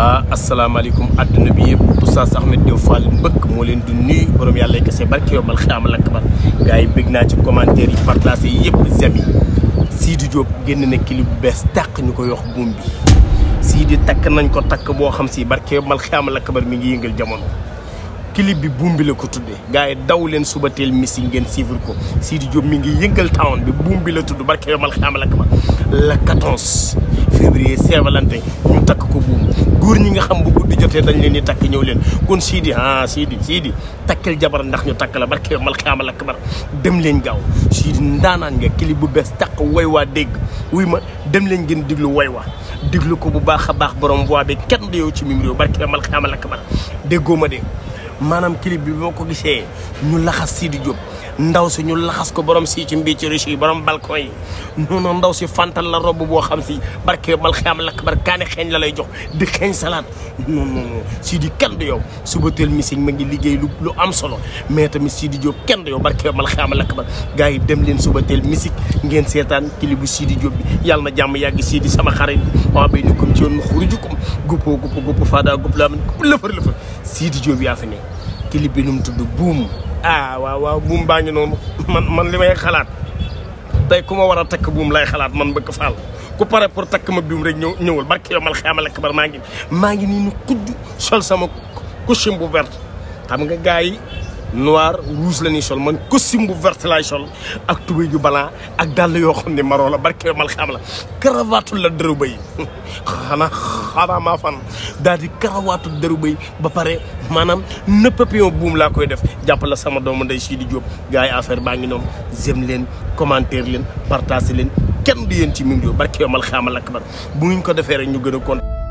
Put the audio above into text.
ah asalaamaaleykum àdduna bi yëpp Oustaz Ahmed Diop Fall mbëkk moo leen du nuyu borom yàlla yi kese barke yow mal xiyaam lakk bar gars yi bégg naa ci commentaire yi yëpp zem yi Sidi génn na clip bu bees tàq ñu koy wax buum bi takk nañ ko takk boo xam si barke yow mal xiyaam lakk mi ngi yëngal jamono clip bi buum bi la ko tuddee gars yi daw leen suba teel misi ngeen suivre ko Sidi mi ngi yëngal town bi buum bi la tudd barke yow mal xiyaam lakk la 14 février saint ñu takk ko buum góor ñi nga xam bu guddi jotee dañ leen di takk ñëw leen kon siidi ah Sidi Sidi takkeel jabar ndax ñu takk la barke mal xaamal ak bar dem leen gaaw Sidi ndaanaan nga clip bu bees takk woy waa dégg wuy ma dem leen gën diglu woy waa diglu ko bu baax a baax borom waa bi kenn du yow ci mim réew barke mal xaamal ak bar déggoo ma de maanaam clip bi boo ko gisee ñu laxas siidi Diop ndaw si ñu laxas ko borom sii ci mbii ci riche yi borom balcon yi noonu ndaw si fantal la robb boo xam si barke bal xam lakk bar kaani xeeñ la lay jox di xeeñ salaat non non non si di ma ngi liggéey lu lu am solo mais tamit si di Diop kenn du yow barke bal lakk bar gars yi dem leen suba teel musique ngeen seetaan kili sii di Diop bi yàlla na jàmm yàgg sii di sama xarit maa béy ni kom ci yoon ma xurujukom guppoo gupp gupp fada gupp laa man gupp lëfër lëfër Sidi Diop yaa fi ne kili bi nu mu tudd buum ah waaw waaw buum baa ngi noonu man man li may xalaat tey ku ma war a takk buum lay xalaat man bëgg faal ku pare pour takk ma buum rek ñëw ñëwal barke yow mal xiyaamal ak bar maa ngi maa ngi nii nu kudd sol sama costume bu vert xam nga gaay noir rouge la ñuy sol man costume bu verte laay sol ak tubéy ju blanc ak dàll yoo xam ne marron la barke mal xam la karawaatu la dëru bay xanaa xanaa maa fan daal di karawaatu dëru bay ba pare maanaam ne papillon buum laa koy def jàppale sama doomu ndey Sidi Diop gars yi affaire baa ngi noonu j'aime leen commentaire leen partage leen kenn du yéen ci mim dio barke mal xaamal akbar bu ñu ko defee rek ñu gën a kontaan